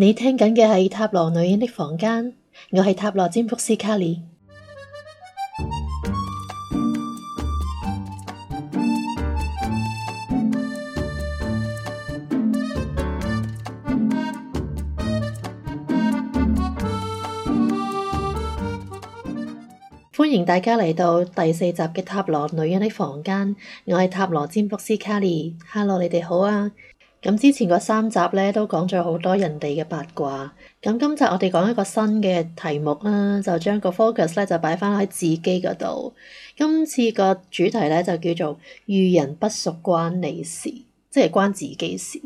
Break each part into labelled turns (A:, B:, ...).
A: 你聽緊嘅係塔羅女人的房間，我係塔羅占卜師卡莉。歡迎大家嚟到第四集嘅塔羅女人的房間，我係塔羅占卜師卡莉。哈嘍，你哋好啊！咁之前個三集咧都講咗好多人哋嘅八卦，咁今集我哋講一個新嘅題目啦，就將個 focus 咧就擺翻喺自己嗰度。今次個主題咧就叫做遇人不淑關你事，即係關自己事。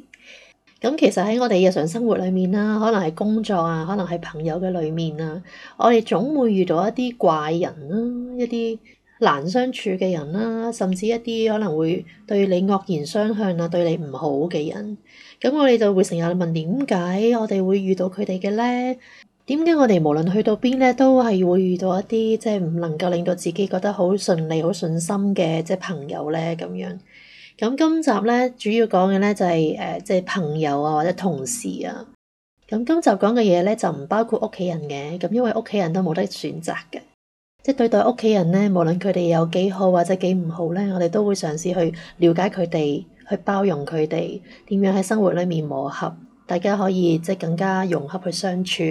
A: 咁其實喺我哋日常生活裏面啦，可能係工作啊，可能係朋友嘅裏面啊，我哋總會遇到一啲怪人啦，一啲。難相處嘅人啦，甚至一啲可能會對你惡言相向啊，對你唔好嘅人，咁我哋就會成日問點解我哋會遇到佢哋嘅咧？點解我哋無論去到邊咧，都係會遇到一啲即係唔能夠令到自己覺得好順利、好信心嘅即係朋友咧咁樣？咁今集咧主要講嘅咧就係誒即係朋友啊或者同事啊。咁今集講嘅嘢咧就唔包括屋企人嘅，咁因為屋企人都冇得選擇嘅。即係對待屋企人咧，無論佢哋有幾好或者幾唔好咧，我哋都會嘗試去了解佢哋，去包容佢哋，點樣喺生活裏面磨合，大家可以即係更加融洽去相處。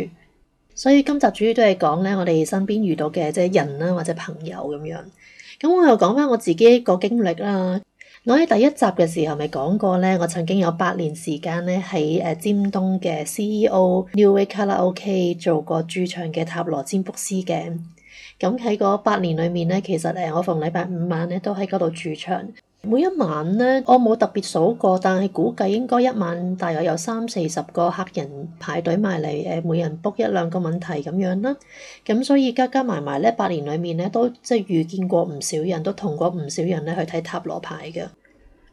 A: 所以今集主要都係講咧，我哋身邊遇到嘅即係人啦，或者朋友咁樣。咁我又講返我自己個經歷啦。我喺第一集嘅時候咪講過咧，我曾經有八年時間咧喺誒尖東嘅 C E O New Way 卡拉 OK 做過駐唱嘅塔羅占卜師嘅。咁喺嗰八年裏面咧，其實誒，我逢禮拜五晚咧都喺嗰度駐場。每一晚咧，我冇特別數過，但係估計應該一晚大約有三四十個客人排隊埋嚟，誒，每人 book 一兩個問題咁樣啦。咁所以加加埋埋呢八年裏面咧，都即係遇見過唔少人都同過唔少人咧去睇塔羅牌嘅。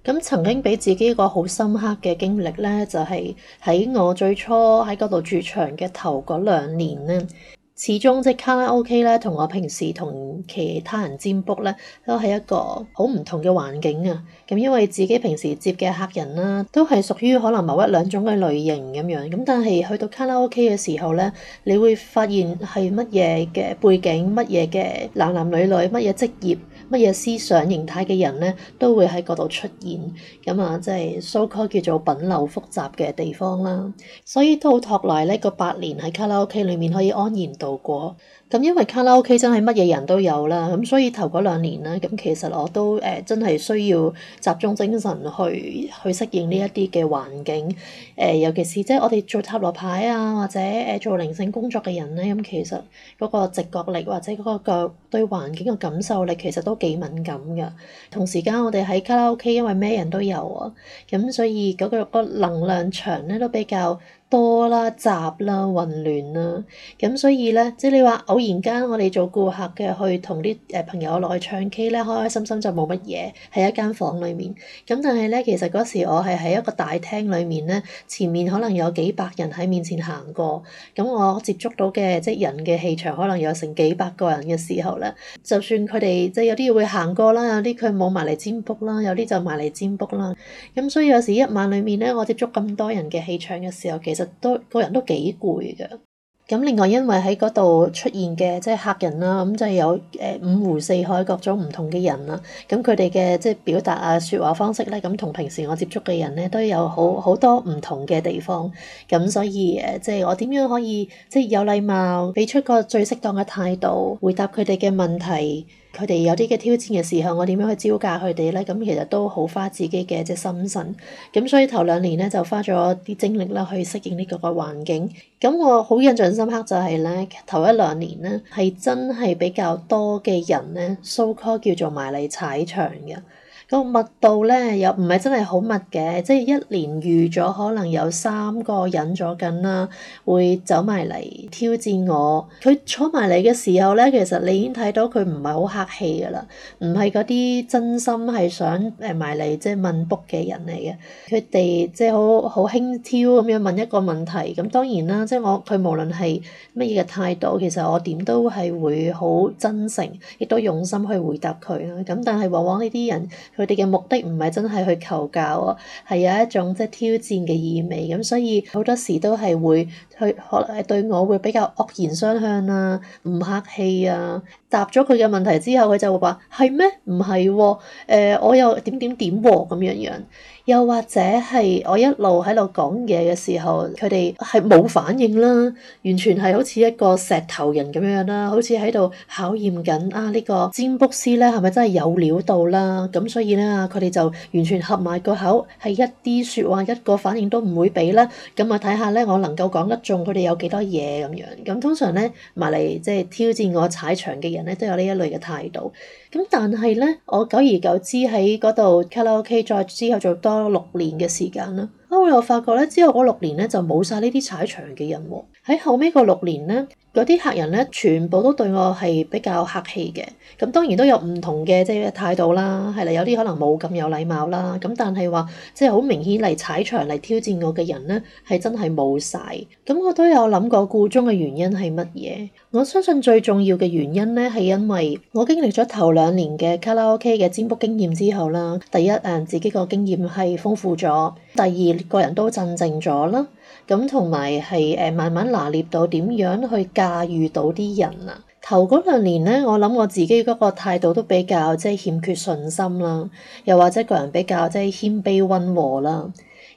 A: 咁曾經俾自己一個好深刻嘅經歷咧，就係喺我最初喺嗰度駐場嘅頭嗰兩年咧。始終即係卡拉 OK 咧，同我平時同其他人占卜咧，都係一個好唔同嘅環境啊！咁因為自己平時接嘅客人啦、啊，都係屬於可能某一兩種嘅類型咁樣。咁但係去到卡拉 OK 嘅時候咧，你會發現係乜嘢嘅背景，乜嘢嘅男男女女，乜嘢職業。乜嘢思想形態嘅人咧，都會喺嗰度出現，咁啊，即係 so called 叫做品流複雜嘅地方啦，所以都好托賴呢個八年喺卡拉 OK 裏面可以安然度過。咁因為卡拉 OK 真係乜嘢人都有啦，咁所以頭嗰兩年咧，咁其實我都誒、呃、真係需要集中精神去去適應呢一啲嘅環境。誒、呃、尤其是即係我哋做塔羅牌啊，或者誒做靈性工作嘅人咧，咁其實嗰個直覺力或者嗰個腳對環境嘅感受力其實都幾敏感㗎。同時間我哋喺卡拉 OK，因為咩人都有啊，咁所以嗰個嗰能量場咧都比較。多啦雜啦混亂啦，咁所以呢，即係你話偶然間我哋做顧客嘅去同啲誒朋友落去唱 K 呢，開開心心就冇乜嘢，喺一間房裡面。咁但係呢，其實嗰時我係喺一個大廳裡面呢，前面可能有幾百人喺面前行過，咁我接觸到嘅即係人嘅氣場可能有成幾百個人嘅時候呢，就算佢哋即係有啲會行過啦，有啲佢冇埋嚟占卜啦，有啲就埋嚟占卜啦。咁所以有時一晚裡面呢，我接觸咁多人嘅氣場嘅時候，其實。其實都個人都幾攰嘅，咁另外因為喺嗰度出現嘅即係客人啦，咁就係有誒五湖四海各種唔同嘅人啦，咁佢哋嘅即係表達啊說話方式咧，咁同平時我接觸嘅人咧都有好好多唔同嘅地方，咁所以誒即係我點樣可以即係有禮貌，俾出個最適當嘅態度回答佢哋嘅問題。佢哋有啲嘅挑戰嘅時候，我點樣去招架佢哋咧？咁其實都好花自己嘅一隻心神。咁所以頭兩年咧，就花咗啲精力啦，去適應呢個嘅環境。咁我好印象深刻就係咧，頭一兩年咧，係真係比較多嘅人咧，so call 叫做埋嚟踩場嘅。個密度咧又唔係真係好密嘅，即係一年預咗可能有三個人咗緊啦，會走埋嚟挑戰我。佢坐埋嚟嘅時候咧，其實你已經睇到佢唔係好客氣㗎喇，唔係嗰啲真心係想誒埋嚟即係問卜嘅人嚟嘅。佢哋即係好好輕佻咁樣問一個問題。咁當然啦，即係我佢無論係乜嘢嘅態度，其實我點都係會好真誠，亦都用心去回答佢啦。咁但係往往呢啲人。佢哋嘅目的唔係真係去求教囉，係有一種即係挑戰嘅意味咁，所以好多時都係會。佢可能係對我會比較惡言相向啦、啊，唔客氣啊！答咗佢嘅問題之後，佢就會話：係咩？唔係喎！誒，我又點點點喎、哦、咁樣樣。又或者係我一路喺度講嘢嘅時候，佢哋係冇反應啦，完全係好似一個石頭人咁樣啦，好似喺度考驗緊啊、這個、呢個占卜師咧係咪真係有料到啦？咁所以咧，佢哋就完全合埋個口，係一啲説話一個反應都唔會俾啦。咁啊，睇下咧，我能夠講得。仲佢哋有幾多嘢咁樣？咁通常咧，埋嚟即係挑戰我踩場嘅人咧，都有呢一類嘅態度。咁但係咧，我久而久之喺嗰度卡拉 OK，之後做多六年嘅時間啦，我又發覺咧，之後嗰六年咧就冇晒呢啲踩場嘅人喎。喺後尾個六年呢，嗰啲客人呢，全部都對我係比較客氣嘅，咁當然都有唔同嘅即係態度啦，係啦，有啲可能冇咁有，有禮貌啦，咁但係話即係好明顯嚟踩場嚟挑戰我嘅人呢，係真係冇晒。咁我都有諗過箇中嘅原因係乜嘢？我相信最重要嘅原因呢，係因為我經歷咗頭兩年嘅卡拉 OK 嘅尖峯經驗之後啦，第一自己個經驗係豐富咗，第二個人都鎮靜咗啦。咁同埋係誒慢慢拿捏到點樣去駕馭到啲人啊！頭嗰兩年呢，我諗我自己嗰個態度都比較即係欠缺信心啦，又或者個人比較即係謙卑溫和啦。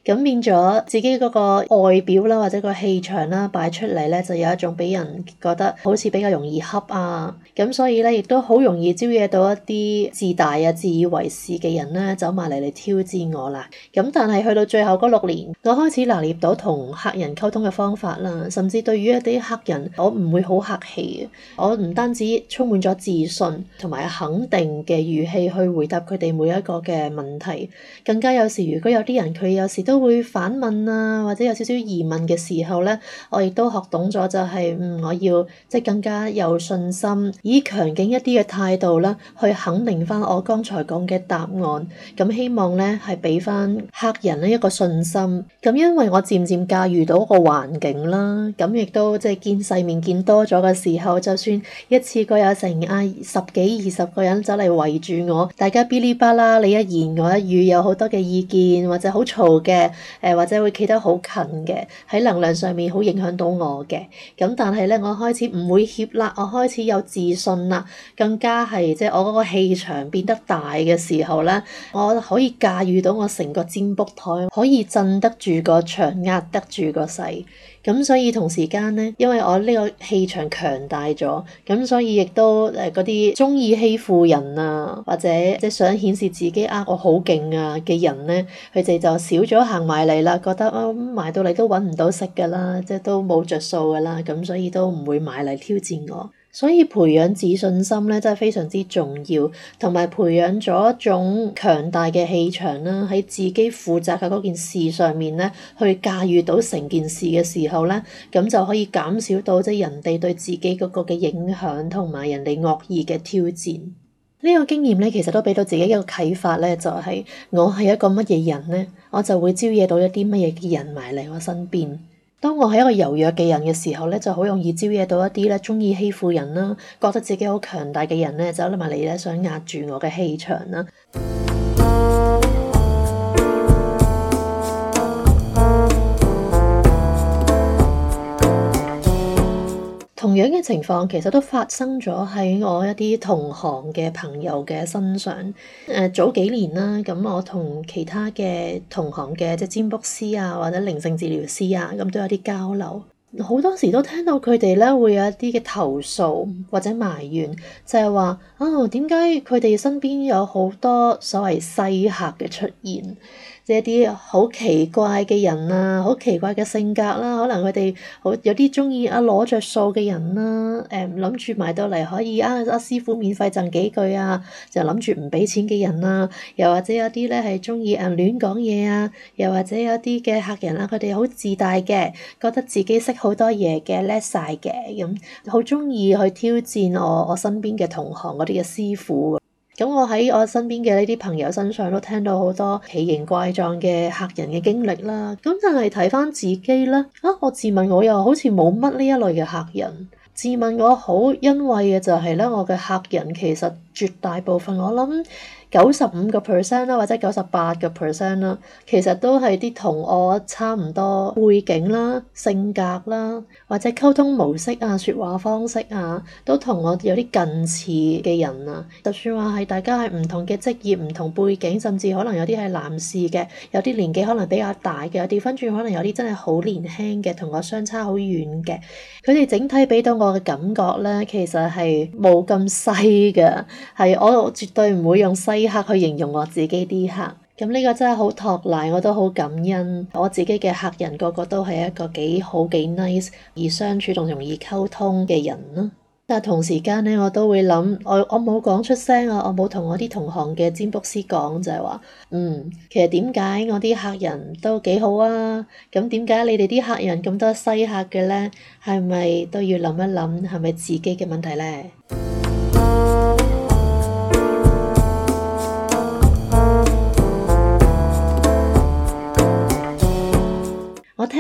A: 咁變咗自己嗰個外表啦，或者個氣場啦，擺出嚟呢就有一種畀人覺得好似比較容易恰呀。咁所以呢，亦都好容易招惹到一啲自大呀、自以為是嘅人啦，走埋嚟嚟挑戰我啦。咁但係去到最後嗰六年，我開始拿捏到同客人溝通嘅方法啦，甚至對於一啲客人，我唔會好客氣。我唔單止充滿咗自信同埋肯定嘅語氣去回答佢哋每一個嘅問題，更加有時如果有啲人，佢有時都會反問啊，或者有少少疑問嘅時候呢，我亦都學懂咗，就係嗯，我要即係更加有信心，以強勁一啲嘅態度啦，去肯定翻我剛才講嘅答案。咁希望呢係俾翻客人呢一個信心。咁因為我漸漸駕馭到個環境啦，咁亦都即係見世面見多咗嘅時候，就算一次過有成啊十幾二十個人走嚟圍住我，大家噼哩啪啦，你一言我一語，有好多嘅意見或者好嘈嘅。誒或者會企得好近嘅，喺能量上面好影響到我嘅。咁但係咧，我開始唔會怯啦，我開始有自信啦，更加係即係我嗰個氣場變得大嘅時候咧，我可以駕馭到我成個占卜台，可以鎮得住個場，壓得住個勢。咁所以同時間咧，因為我呢個氣場強大咗，咁所以亦都誒嗰啲中意欺負人啊，或者即係想顯示自己呃我好勁啊嘅人咧，佢哋就少咗。行埋嚟啦，覺得啊、嗯，買到嚟都揾唔到食噶啦，即係都冇着數噶啦，咁所以都唔會買嚟挑戰我。所以培養自信心咧，真係非常之重要，同埋培養咗一種強大嘅氣場啦。喺自己負責嘅嗰件事上面咧，去駕馭到成件事嘅時候咧，咁就可以減少到即係人哋對自己嗰個嘅影響同埋人哋惡意嘅挑戰。呢個經驗咧，其實都俾到自己一個啟發咧，就係我係一個乜嘢人呢？我就會招惹到一啲乜嘢嘅人埋嚟我身邊。當我係一個柔弱嘅人嘅時候咧，就好容易招惹到一啲咧中意欺負人啦，覺得自己好強大嘅人咧，就走埋嚟咧想壓住我嘅氣場啦。同樣嘅情況其實都發生咗喺我一啲同行嘅朋友嘅身上。誒早幾年啦，咁我同其他嘅同行嘅即係占卜師啊，或者靈性治療師啊，咁都有啲交流。好多時都聽到佢哋咧會有一啲嘅投訴或者埋怨，就係話哦，點解佢哋身邊有好多所謂西客嘅出現？一啲好奇怪嘅人啊，好奇怪嘅性格啦、啊，可能佢哋好有啲鍾意啊攞着數嘅人啦，誒諗住買到嚟可以啊阿師傅免費贈幾句啊，就諗住唔畀錢嘅人啦，又或者有啲咧係鍾意啊亂講嘢啊，又或者有啲嘅、啊、客人啊佢哋好自大嘅，覺得自己識好多嘢嘅叻晒嘅咁，好鍾意去挑戰我我身邊嘅同行我哋嘅師傅。咁我喺我身邊嘅呢啲朋友身上都聽到好多奇形怪狀嘅客人嘅經歷啦。咁但係睇返自己咧，啊，我自問我又好似冇乜呢一類嘅客人。自問我好欣慰嘅就係呢，我嘅客人其實，絕大部分我諗九十五個 percent 啦，或者九十八個 percent 啦，其實都係啲同我差唔多背景啦、性格啦，或者溝通模式啊、説話方式啊，都同我有啲近似嘅人啊。就算話係大家係唔同嘅職業、唔同背景，甚至可能有啲係男士嘅，有啲年紀可能比較大嘅，有啲分轉可能有啲真係好年輕嘅，同我相差好遠嘅，佢哋整體俾到我嘅感覺咧，其實係冇咁細㗎。係，我絕對唔會用西客去形容我自己啲客，咁呢個真係好托賴，我都好感恩我自己嘅客人，個個都係一個幾好幾 nice 而相處仲容易溝通嘅人咯。但同時間呢，我都會諗，我我冇講出聲啊，我冇同我啲同行嘅占卜師講，就係話，嗯，其實點解我啲客人都幾好啊？咁點解你哋啲客人咁多西客嘅呢？係咪都要諗一諗，係咪自己嘅問題呢？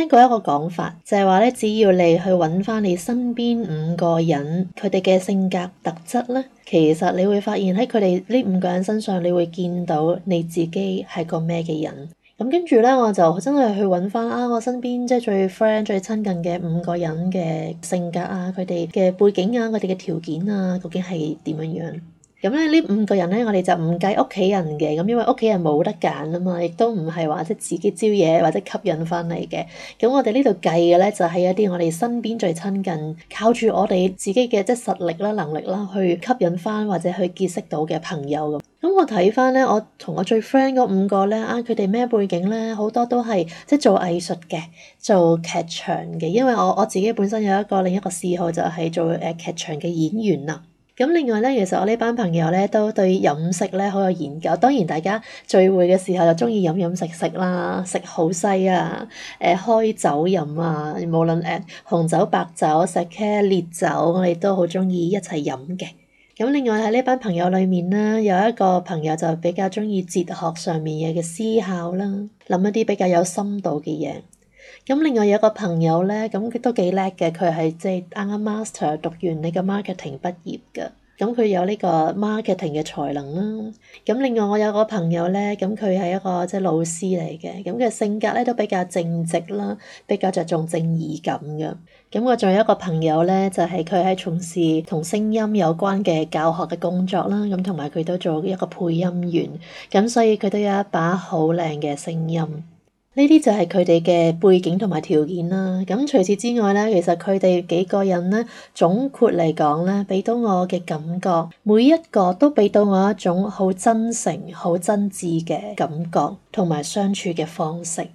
A: 聽過一個講法，就係話咧，只要你去揾翻你身邊五個人，佢哋嘅性格特質咧，其實你會發現喺佢哋呢五個人身上，你會見到你自己係個咩嘅人。咁跟住咧，我就真係去揾翻啊，我身邊即係最 friend、最親近嘅五個人嘅性格啊，佢哋嘅背景啊，佢哋嘅條件啊，究竟係點樣樣？咁呢五個人咧，我哋就唔計屋企人嘅，咁因為屋企人冇得揀啊嘛，亦都唔係話即自己招嘢或者吸引翻嚟嘅。咁我哋呢度計嘅咧，就係一啲我哋身邊最親近，靠住我哋自己嘅即實力啦、能力啦，去吸引翻或者去結識到嘅朋友咁。咁我睇翻咧，我同我最 friend 嗰五個咧，啊，佢哋咩背景呢？好多都係即做藝術嘅，做劇場嘅。因為我，我自己本身有一個另一個嗜好就係做誒劇場嘅演員。咁另外咧，其實我呢班朋友咧都對飲食咧好有研究。當然，大家聚會嘅時候就中意飲飲食食啦，食好西啊，誒、呃、開酒飲啊，無論誒、呃、紅酒、白酒、石茄烈酒，我哋都好中意一齊飲嘅。咁另外喺呢班朋友裏面咧，有一個朋友就比較中意哲學上面嘅思考啦，諗一啲比較有深度嘅嘢。咁另外有個朋友咧，咁佢都幾叻嘅，佢係即係啱啱 master 讀完你個 marketing 畢業嘅，咁佢有呢個 marketing 嘅才能啦。咁另外我有個朋友咧，咁佢係一個即係老師嚟嘅，咁佢性格咧都比較正直啦，比較着重正義感噶。咁我仲有一個朋友咧，就係佢喺從事同聲音有關嘅教學嘅工作啦，咁同埋佢都做一個配音員，咁所以佢都有一把好靚嘅聲音。呢啲就係佢哋嘅背景同埋條件啦。咁除此之外呢，其實佢哋幾個人咧，總括嚟講呢，俾到我嘅感覺，每一個都俾到我一種好真誠、好真摯嘅感覺同埋相處嘅方式。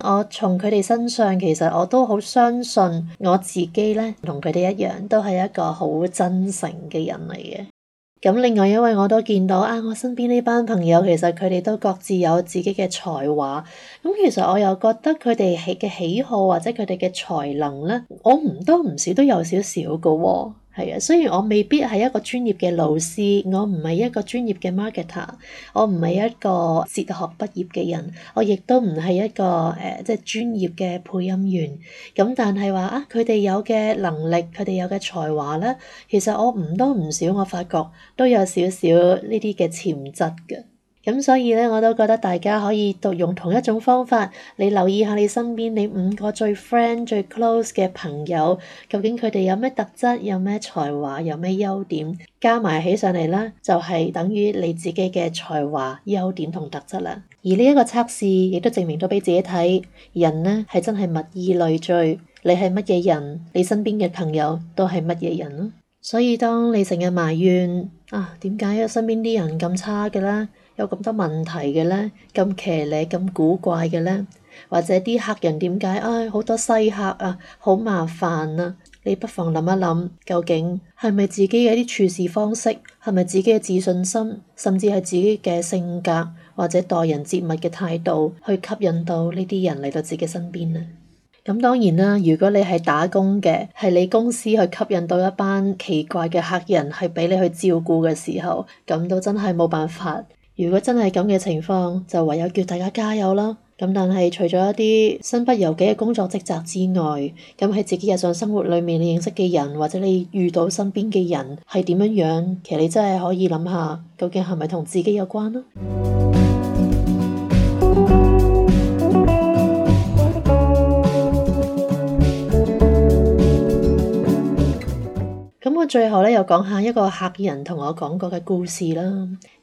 A: 我從佢哋身上，其實我都好相信我自己呢，同佢哋一樣，都係一個好真誠嘅人嚟嘅。咁另外，一位我都見到啊，我身邊呢班朋友其實佢哋都各自有自己嘅才華。咁、嗯、其實我又覺得佢哋喜嘅喜好或者佢哋嘅才能呢，我唔多唔少都有少少嘅喎、哦。係啊，雖然我未必係一個專業嘅老師，我唔係一個專業嘅 marketer，我唔係一個哲學畢業嘅人，我亦都唔係一個誒、呃、即係專業嘅配音員。咁但係話啊，佢哋有嘅能力，佢哋有嘅才華咧，其實我唔多唔少，我發覺都有少少呢啲嘅潛質嘅。咁所以咧，我都覺得大家可以讀用同一種方法，你留意下你身邊你五個最 friend 最 close 嘅朋友究竟佢哋有咩特質、有咩才華、有咩優點，加埋起上嚟咧，就係、是、等於你自己嘅才華、優點同特質啦。而呢一個測試亦都證明咗俾自己睇，人呢係真係物以類聚，你係乜嘢人，你身邊嘅朋友都係乜嘢人。所以當你成日埋怨啊，點解身邊啲人咁差嘅啦？有咁多問題嘅咧，咁騎呢咁古怪嘅咧，或者啲客人點解，唉好多西客啊，好麻煩啊？你不妨諗一諗，究竟係咪自己嘅一啲處事方式，係咪自己嘅自信心，甚至係自己嘅性格或者待人接物嘅態度，去吸引到呢啲人嚟到自己身邊咧？咁當然啦，如果你係打工嘅，係你公司去吸引到一班奇怪嘅客人，係俾你去照顧嘅時候，咁都真係冇辦法。如果真係咁嘅情況，就唯有叫大家加油啦。咁但係除咗一啲身不由己嘅工作職責之外，咁喺自己日常生活裏面，你認識嘅人或者你遇到身邊嘅人係點樣樣？其實你真係可以諗下，究竟係咪同自己有關呢？咁最後呢，又講下一個客人同我講過嘅故事啦。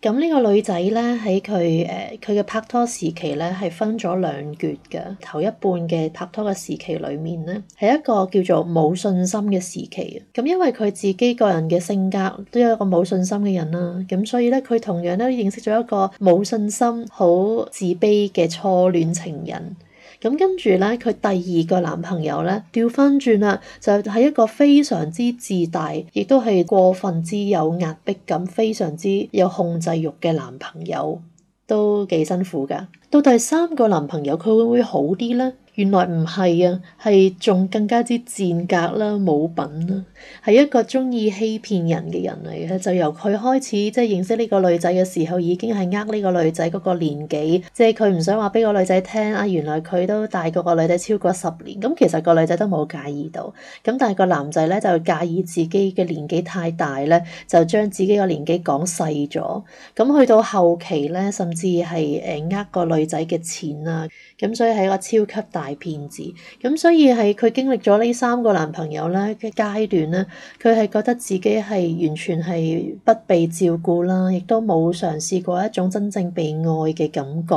A: 咁呢個女仔呢，喺佢嘅拍拖時期呢係分咗兩橛嘅。頭一半嘅拍拖嘅時期裏面呢，係一個叫做冇信心嘅時期。咁因為佢自己個人嘅性格都有一個冇信心嘅人啦，咁所以呢佢同樣呢認識咗一個冇信心、好自卑嘅初戀情人。咁跟住呢，佢第二個男朋友呢，掉返轉啦，就係一個非常之自大，亦都係過分之有壓迫感、非常之有控制欲嘅男朋友，都幾辛苦㗎。到第三個男朋友，佢會唔會好啲呢？原來唔係啊，係仲更加之賤格啦、冇品啦，係一個中意欺騙人嘅人嚟嘅。就由佢開始，即係認識呢個女仔嘅時候，已經係呃呢個女仔嗰個年紀，即係佢唔想話俾個女仔聽啊。原來佢都大過個女仔超過十年。咁其實個女仔都冇介意到，咁但係個男仔咧就介意自己嘅年紀太大咧，就將自己嘅年紀講細咗。咁去到後期咧，甚至係誒呃個女仔嘅錢啊。咁所以係一個超級大騙子咁，所以係佢經歷咗呢三個男朋友咧嘅階段咧，佢係覺得自己係完全係不被照顧啦，亦都冇嘗試過一種真正被愛嘅感覺。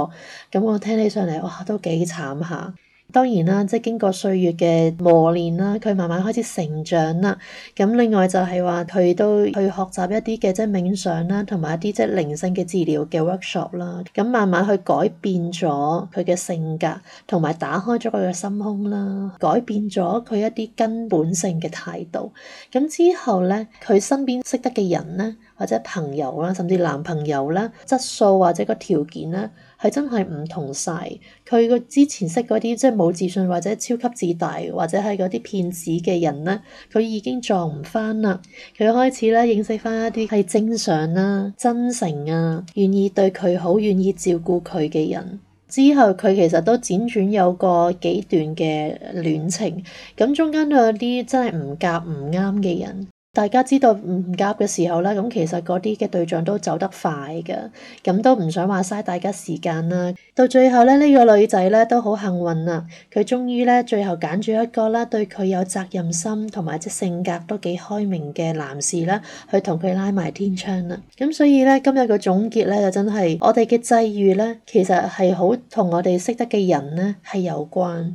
A: 咁我聽起上嚟，哇，都幾慘下。當然啦，即係經過歲月嘅磨練啦，佢慢慢開始成長啦。咁另外就係話佢都去學習一啲嘅即係冥想啦，同埋一啲即係靈性嘅治療嘅 workshop 啦。咁慢慢去改變咗佢嘅性格，同埋打開咗佢嘅心胸啦，改變咗佢一啲根本性嘅態度。咁之後咧，佢身邊識得嘅人咧，或者朋友啦，甚至男朋友啦，質素或者個條件咧，係真係唔同晒。佢個之前識嗰啲即係好自信或者超級自大，或者係嗰啲騙子嘅人呢，佢已經撞唔返啦，佢開始咧認識返一啲係正常啦、啊、真誠啊、願意對佢好、願意照顧佢嘅人。之後佢其實都輾轉有個幾段嘅戀情，咁中間都有啲真係唔夾唔啱嘅人。大家知道唔夾嘅時候咧，咁其實嗰啲嘅對象都走得快嘅，咁都唔想話嘥大家時間啦。到最後咧，呢個女仔咧都好幸運啦，佢終於咧最後揀住一個啦，對佢有責任心同埋即係性格都幾開明嘅男士啦，去同佢拉埋天窗啦。咁所以咧，今日嘅總結咧，就真係我哋嘅際遇咧，其實係好同我哋識得嘅人咧係有關。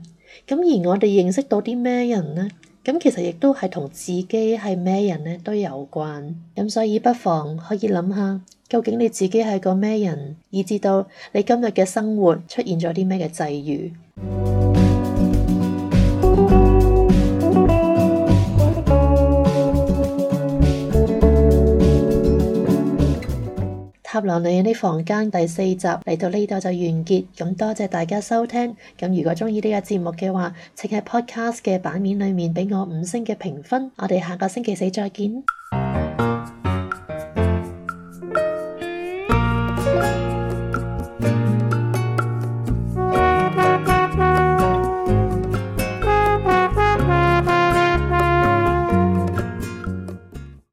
A: 咁而我哋認識到啲咩人咧？咁其實亦都係同自己係咩人咧都有關，咁所以不妨可以諗下，究竟你自己係個咩人，以至到你今日嘅生活出現咗啲咩嘅際遇。女人的房間第四集嚟到呢度就完結，咁多謝大家收聽，咁如果中意呢個節目嘅話，請喺 podcast 嘅版面裏面俾我五星嘅評分，我哋下個星期四再見。